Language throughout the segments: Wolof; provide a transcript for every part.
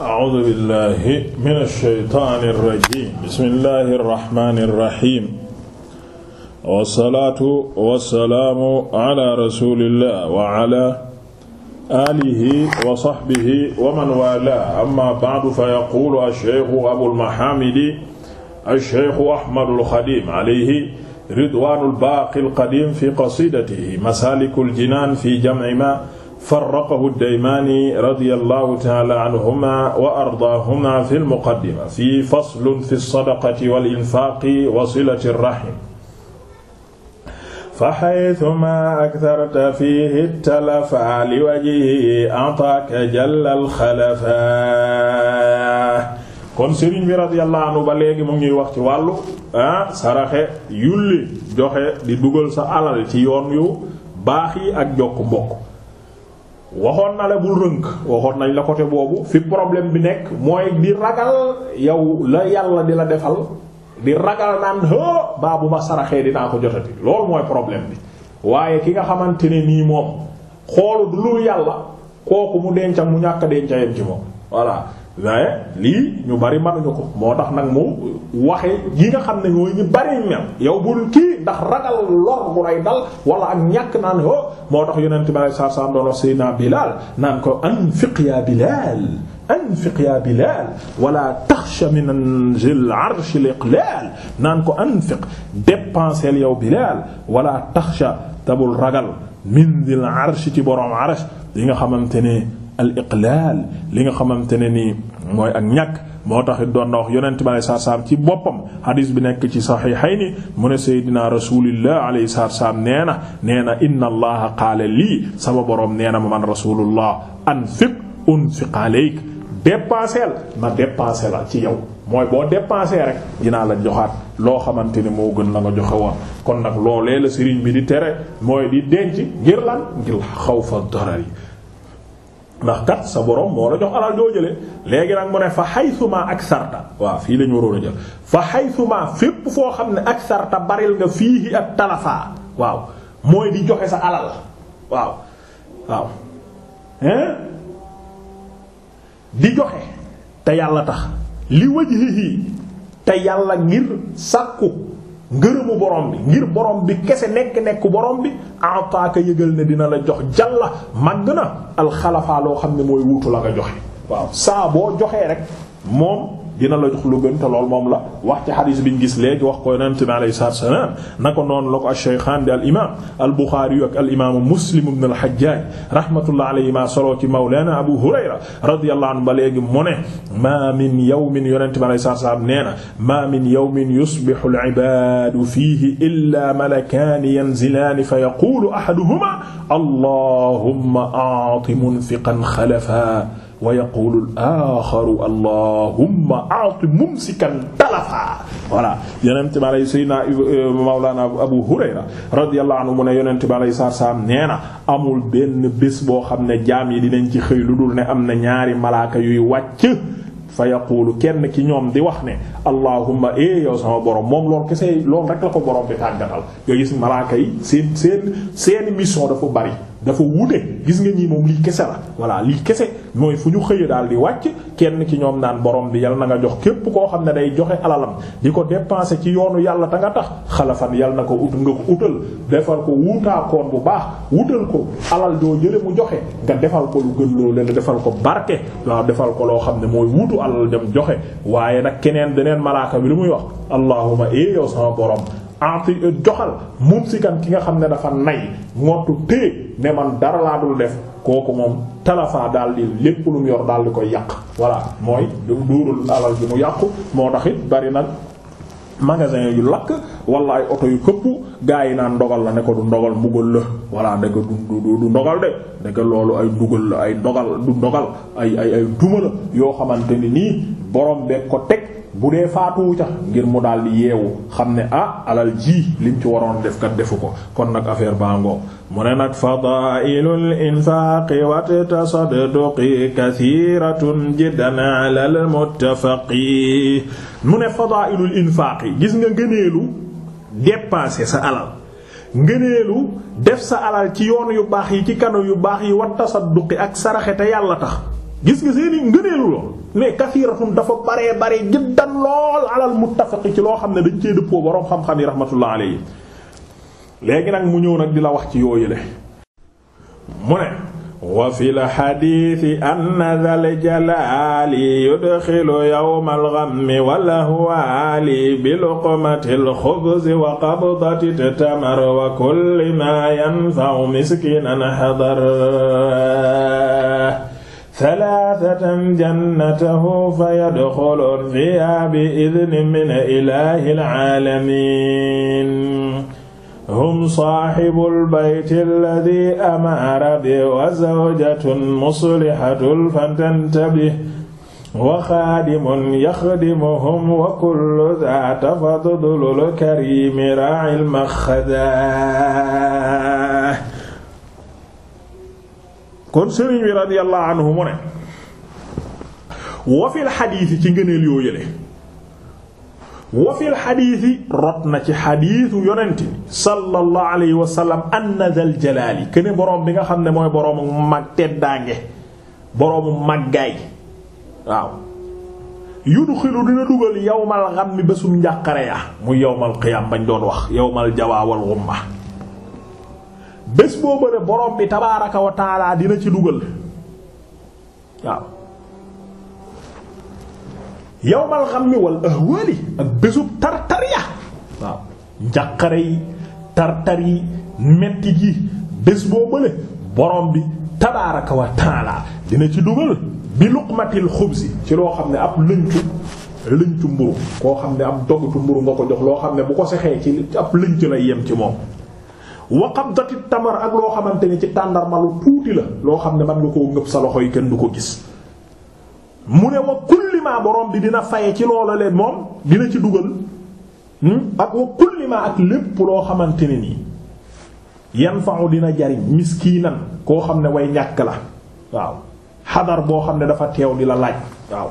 A'uuzu billaahi mina shaytaani rajiim bismillaahi rahmaani rahiim wassalaatu wassalaamu alaa rasuulillaah wa alaa aalihi wa sahbihi wa man waalaahu ammaa ba'du fa yaquulu ash-shaykhu abul mahaamidi ash-shaykhu Ahmadul Xadiim alayhi ridwaanul baaqil qadiim fi qasiidatihi masaalikul jinaan fi jam'i maa farraqahu daymaani radiyallahu ta'ala anhuma wa ardaahuma fil muqaddima fii faslun fi sadaqati wal infaaqi wa silati rahim. fa haythumaa aktharta fiihi talafa liwajhihi ataaka jallal xalafa. kon Serigne bi radiyallahu anhu ba léegi mu ngi wax ci wàllu ah saraxe yulli joxe di dugal sa alal ci yoon yu baax yi ak jokk mbokk. waxoon na la bul rënk waxoon nañu la côté boobu fi problème bi nekk mooy di ragal yow la yàlla di la defal di ragal naan hë baa bu ma saraxee dinaa ko jotati loolu mooy problème bi waaye ki nga xamante ne nii moom xoolu du lu yàlla kooku mu denca mu ñàkk denca yem ci moom voilà waaye lii ñu bari mënuñu ko moo tax nag mu waxe yi nga xam ne ñooy ñu bari mel yow bul kii ndax ragal lor bu lay dal wala ak ñàkk naan ho moo tax yonent bi sallallahu alayhi wasallam doon wax Seydina Bilal naan ko anfiq ya Bilal anfiq ya Bilal wala taxsha min zil arsh al iqlal ko anfiq dépensel yow Bilal wala taxsha tabul ragal min zil arsh ci borom arsh yi nga xamante ne al iqlaal li nga xamante ne nii mooy ak ñàkk moo tax doon na wax yonent bi alayhi salaatu ci boppam hadis bi nekk ci sahihayni mu ne Seydina rasulillah alayhi salaatu salaam nee na nee na inna allaha qaala lii sama boroom nee na ma man rasulullah anfiq unfiq alayk dépenseel ma dépensé la ci yow mooy boo dépensé rek dinaa la joxaat loo xamante ne moo gën la nga joxe woon kon nag loolee la sëriñ bi di tere mooy di denc ngir lan ngir xaw fa darar yi ndax kat sa borom moo la jox alal joo jëlee léegi nag mu ne fa xaysuma ak sarta waaw fii la ñu waroon a jël fa xaysuma fépp foo xam ne ak sarta baril nga fii ak talafaa waaw mooy di joxe sa alal waaw waaw hein di joxe te yàlla tax li wajhihi te yàlla ngir sàkku ngërëmu borom bi ngir borom bi kese nekk-nekk borom bi ataaka yëgal ne dina la jox jalla màgg na alxalafaa loo xam ne mooy wuutu la nga joxe waaw saa boo joxee rek moom dina la jox lu gën te lool moom la wax ci xadis biñ gis léegi wax ko yonent bi alayhi salaatu wa salaam na ko noonu la ko ash-shaykhaan di al imaam al buxaari yu ak al imaamu muslim ibn al hajjaaj rahmatullah alayhima solo ci mawlaana abu hurayra radiyallahu anhu ba léegi mu ne maa min yawmin yonent bi alayhi salaatu wa salaam nee na maa min yawmin yusbihu al ibaadu fiihi illaa malakaani yanzilaani fa yaquulu ahaduhumaa allahumma aati munfiqan xalafa wa yaqulu al-axaru allahumma a'ti mumsikan talafa voilà yonent bi alay sayyidina mawlana abu hurayra radiyallahu anhu mu ne yonent bi alay saar saam nee na amul benn bés boo xam ne jaam yi dinañ ci xëy lu dul ne am na ñaari malaaka yuy wàcc fa yaqulu kenn ki ñoom di wax ne allahumma e yow sama borom moom loolu kese loolu rek la ko borom bi tàggatal nga gis malaaka yi seen seen seeni mission dafa bari dafa wute gis nga ñii moom lii kese la voilà lii kese mooy fu ñu xëyee daal di wàcc kenn ki ñoom daan borom bi yal na nga jox képp koo xam ne day joxe alalam di ko dépenser ci yoonu yàlla ta nga tax xalafan yal na ko ut nga ko utal defal ko wuutaakoon bu baax wutal ko alal doo jële mu defal ko lu gën ko barke waaw alal dem joxe waaye nag keneen deneen malaaka bi lu muy wax allahuma e eh yow sama borom enti eh, joxal mumsikan ki nga xam ne dafa nay ngottu téeg ne man dara laa dul def kooku moom talafa dal di lépp lu mu yor daal di koy yàq voilà mooy duurul alal ji mu yàqu moo taxit bari magasin yu lakk walla ay oto yu këpp gaa naa ndogal la ne ko du ndogal mbugal la voilà ndeke du du du ndogal de ndeke loolu ay ndugal la ay dogal du ndogal ay ay ay duma yoo xamante ni nii borom be ko teg bu dee faatuwu ca ngir mu daal di yeewu xam ne ah alal ji liñ ci waroon def kat defu ko kon nag affaire baa ngoo mu ne nag fadailul infaaqi wat tasadduqi kathiratun jiddan ala al muttafaqi mu ne fadailul infaaqi gis nga ngëneelu dépenser sa alal ngëneelu def sa alal ci yoon yu baax yi ci kanu yu baax yi wat tasadduqi ak saraxe te yàlla tax gis nga seeni ngëneelu lool dafa baree baree jiddan lool alal muttafaqi ci loo xam ne dañ cee dëppoo boroom xam-xam yi rahmatullah alayhi nag mu ñëw nag di la wax ci yooyu le mu ne wa fil hadiisi anna dhal jalaali yudxilu yawmal ghammi wal ahwaali bi luqmatil xubzi wa qabdatit tamar wa kulli ma yanfa'u miskinan hadar salaasatan jannatahu fayadxuluun fiihaa bi-idnin min ilaahil aalamiin hum saahibul bayti alladii amara bihi wa zawjatun muslihatun fatantabih wa xaadimun yaxdimuhum wa kullu zaata fadlul kariimi raa'il maxdaam kon sëriñ bi radiyallahu anhu mu ne wafil xadiisi ci ngëneel yoo yële wafil xadiisi rot na ci xadiisu yonente bi sallallahu alayhi wa sallam jalaali kene boroom bi nga xam ne mooy boroomu mag teddaange boroomu maggaay waaw yudxilu dina dugal yowmal xam mi bésum njàqare ya muy yowmal qiyaam bañ doon wax yowmal jawaawal wumma bés boo bëre borom bi tabaaraka wa taala dina ci dugal waaw xam ghammi wal ahwaali ak bésub tartar ya waaw njaqare yi tartar yi metti gi bés boo bële borom bi tabaaraka wa taala dina ci dugal bi luqmatil xubsi ci loo xam ne ab lëñcu lëñcu mburu koo xam ne ab dogutu mburu nga ko jox loo xam ne bu ko sexee ci ab lëñcu lay yem ci moom wa qabdati tamar ak loo xamante ni ci tàndarma lu tuuti la loo xam ne man nga koo ngëb sa loxo yi kenn du ko gis mu ne wa kulli boroom bi dina faye ci loola leen moom dina ci dugal hmm, ak wa kulli ma ak lépp loo xamante ne nii yan fa'u dina jariñ miskiinan koo xam ne way ñàkk la waaw xadar boo xam ne dafa teew di la laaj waaw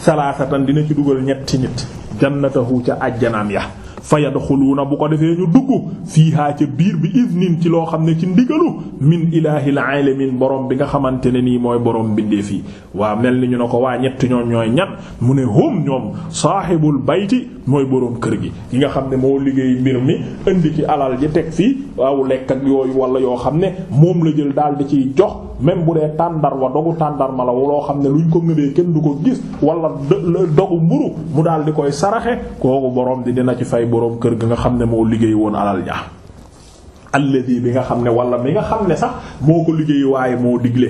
salaasatan dina ci dugal ñetti nit jannatahu ca ajjanaam ya fa yadxuluuna bu ko defee ñu dugg fiihaa ca biir bi iznin ci loo xam ne ci ndigalu min ilaahil aalamiin borom bi nga xamante ne nii mooy borom bindeef yi waa mel ni ñu ne ko waa ñetti ñoom ñooy ñan mu ne hum ñoom saahibul bayti mooy borom kër gi ki nga xam ne moo liggéey mbir mi indi ci alal ji teg fii waaw lekk ak yooyu wala yoo xam ne moom la jël daal di ciy jox même bu dee tàndarwa dogu tàndarma la loo xam ne luñ ko ngëbee kenn du ko gis wala dogu mburu mu daal di koy saraxe kooku borom di dina ci fay borom kër ga nga xam ne moo liggéey woon alal ja alladi bi nga xam ne wala mi nga xam ne sax moo ko liggéey waaye moo digle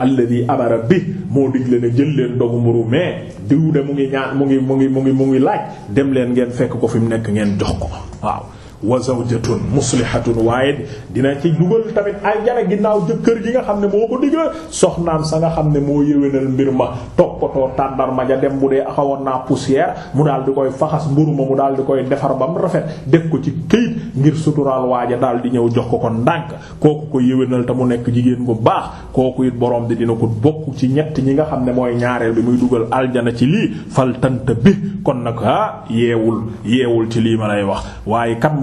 alladi abara bi moo digle ne jël leen dogu mburu mais diw de mu ngi ñaan mu ngi mu ngi mu ngi mu ngi laaj dem leen ngeen fekk ko fi mu nekk ngeen jox ko waaw wa zawjatun muslihatun waaye dina ci dugal tamit aljana ginnaaw jëkkër ji nga xam ne moo ko digal soxnaam sa nga xam ne moo yéwénal mbir ma toppatoo tàndarma ja dem bu dee axawoon naa poussière mu daal di koy faxas mburu ma mu daal di koy defar ba mu rafet def ko ci këyit ngir suturaal waaja daal di ñëw jox ko ko ndànk kooku ko yéwénal te mu nekk jigéen bu baax kooku it boroom bi dina ko bokk ci ñett ñi nga xam ne mooy ñaareel bi muy dugal aljana ci lii fal bi kon nag ah yeewul yeewul ci lii ma lay wax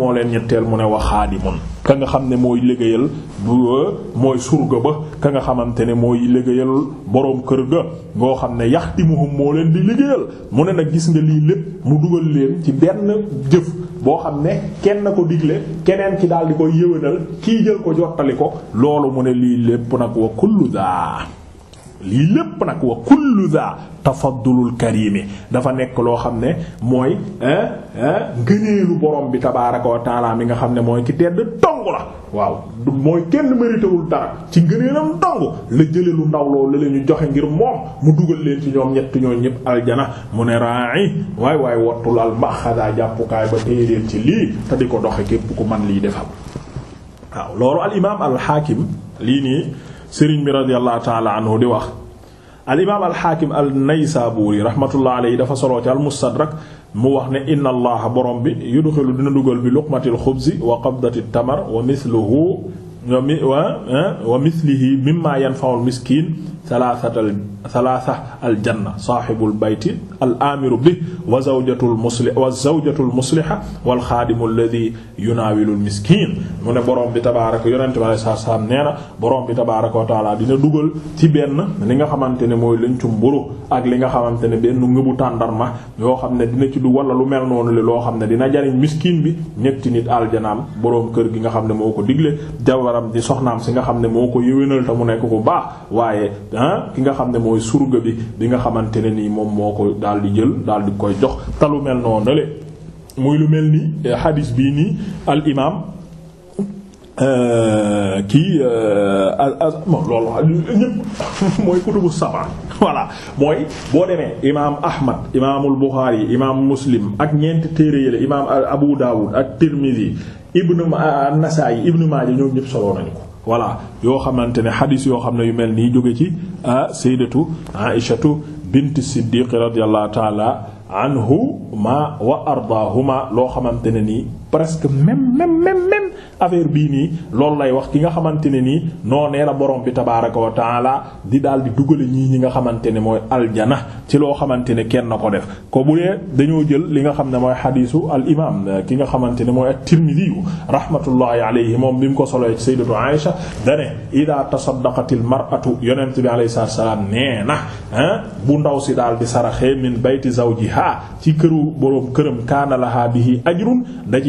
moo leen ñetteel mu ne wa xaadimun ka nga xam ne mooy liggéeyal euh, mooy surga ba ka nga xamante ne mooy liggéeyal boroom kër ga ngoo xam ne yaxtimuhum moo leen di liggéeyal mu ne nag gis nga lii lépp mu dugal leen ci benn jëf boo xam ne kenn ko digle keneen ki daal di koy yëwénal kii jël ko jottali ko loolu mu ne lii lépp nag wa kullu daa lii lépp nag wa kullu za tafaddulul karimi dafa nekk loo xam ne mooy ngëneelu borom bi tabaaraka wa taala mi nga xam ne mooy ki tedd dong la waaw mooy kenn méritéwul dara ci ngëneelam dong la jële lu ndaw loolu la ñu joxe ngir moom mu dugal leen ci ñoom ñett ñoo ñëpp aljana mu ne ra'i waaye waaye wattul al maxada jàppukaay ba téye leen ci lii te di ko doxe képp ku man lii defal waaw loolu al imaam lii nii sëriñ bi radiyallahu taala anhu di wax al imaam al xaakim al naysaabuuri rahmatullah alayhi dafa soloo ci al mu wax ne inna allaha borom bi yudxilu dina dugal bi luqmatil xubzi wa qabdati tamar wa mithluhu wa mi wa mislihi mimma yanfa'ul miskin thalathatal thalatha al janna sahibul bayti al amiru bi wa zawjatul musli wa zawjatul musliha wal xaadimu alladhi yunaawilul miskin mu ne borom bi tabaaraka yonente bi alayhi salaam bi tabaaraka wa taala dina dugal ci benn li nga xamante ne mooy lëncu mburu ak li nga xamante ne benn ngëbu tàndarma yoo xam ne dina ci du wala lu mel noonu li loo xam ne dina jariñ miskin bi ñetti nit aljanaam borom kër gi nga xam ne moo ko digle jawar jabaram di soxnaam si nga xam ne moo ko yëwénal te mu nekk ko baax waaye ah ki nga xam ne mooy surga bi bi nga xamante ne nii moom moo ko daal di jël daal di koy jox talu mel noonu le muy lu mel ni eh, hadis bii nii al imam euh, kii euh, loolu ñëpp mooy kutubu saba voilà mooy boo demee imaam Ahmad imaamul Bukhari imaam Muslim ak ñeenti téere yële imaam Abu Dawud ak Tirmidhi ibnu ah, ah, Nasaa'i ibnu Maaja ñoom ñëpp soloo nañu ko voilà yoo xamante ne xadiis yoo xam ne yu mel nii jóge ci ah sayyidatu Aïshatu bint Siddiq radiyallahu ta'ala anhuma wa ardaahuma loo xamante ne nii presque même même même même affaire bii nii loolu lay wax ki nga xamante ne nii noo nee borom bi tabaaraka wa taala di daal di dugale ñii ñi nga xamante ne mooy aljana ci loo xamante ne kenn ko def ko bu dee dañoo jël li nga xam ne mooy xadiisu al imam ki nga xamante ne mooy at-Tirmidhi rahmatullahi alayhi moom bi mu ko solo ci sayyidatu Aisha dane ida tasaddaqatil mar'atu yonent bi alayhi salaam nee na ah, bu ndaw si daal di saraxee min bayti zawjiha ci këru borom këram kaana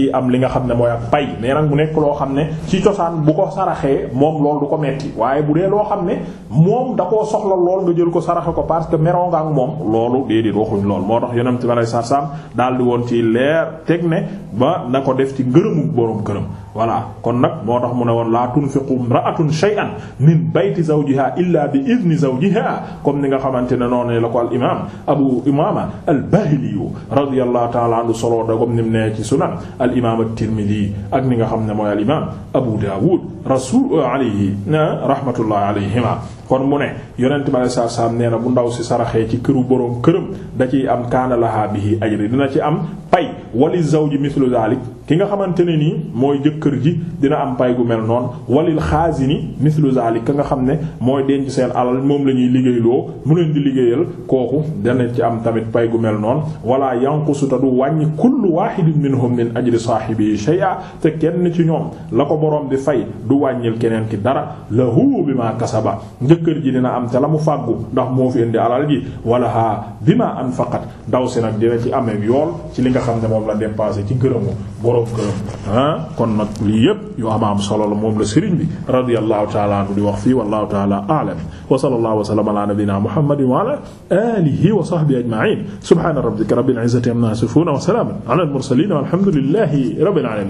ciy am li nga xam ne mooy ak pay mais bu nekk loo xam ne ci cosaan bu ko saraxee moom loolu du ko metti waaye bu dee loo xam ne moom da koo soxla lool nga jël ko saraxe ko parce que meroo nga ak moom loolu déedéet waxuñ lool moo tax yonent bi sallallahu alayhi wasallam daal di woon ci leer teg ne ba na ko def ci ngërëmu boroom kërëm voilà kon nag moo tax mu ne woon la tunfiqu imra'atun shay'an min bayti zawjiha illa bi idni zawjiha comme ni nga xamante ne noonu la ko al imam abu imama al bahili radiyallahu ta'ala anhu solo da comme nim ne ci sunan al imam at ak ni nga xam ne mooy al imam abu dawud rasul alayhi rahmatullahi alayhima kon mu ne yonent bi saa saam nee na bu ndaw si saraxee ci këru boroom këram da ciy am kaana lahaa bihi ajri dina ci am pay wali zawji mithlu zalik ki nga xamante ne nii mooy jëkkër ji dina am pay gu mel noonu walil xaasini mithlu zalik ka nga xam ne mooy denc seen alal moom la ñuy liggéeyloo mu leen di liggéeyal kooku dana ci am tamit pay gu mel noon walaa yanqusu ta du wàññi kullu wahidin minhum min ajri saahibihi shay'a te kenn ci ñoom la ko boroom di fay du wàññil keneen ki dara lahu bima jëkkër ji dina am ca la mu fàggu ndax moo fi indi alal ji wala haa bima anfaqat ndaw si nag dina ci amee yool ci li nga xam ne moom la dépensé ci gërëmu boroom gërëm ah kon nag lii yépp yu ama solo la moom la sëriñ bi radiyallahu taala anhu di wax fii wallahu taala a'lam wa sallallahu wa sallama ala nabiyyina muhammadin wa ala alihi wa sahbihi ajma'in subhana rabbika rabbil izzati amma yasifun wa salamun ala al mursalin walhamdulillahi rabbil alamin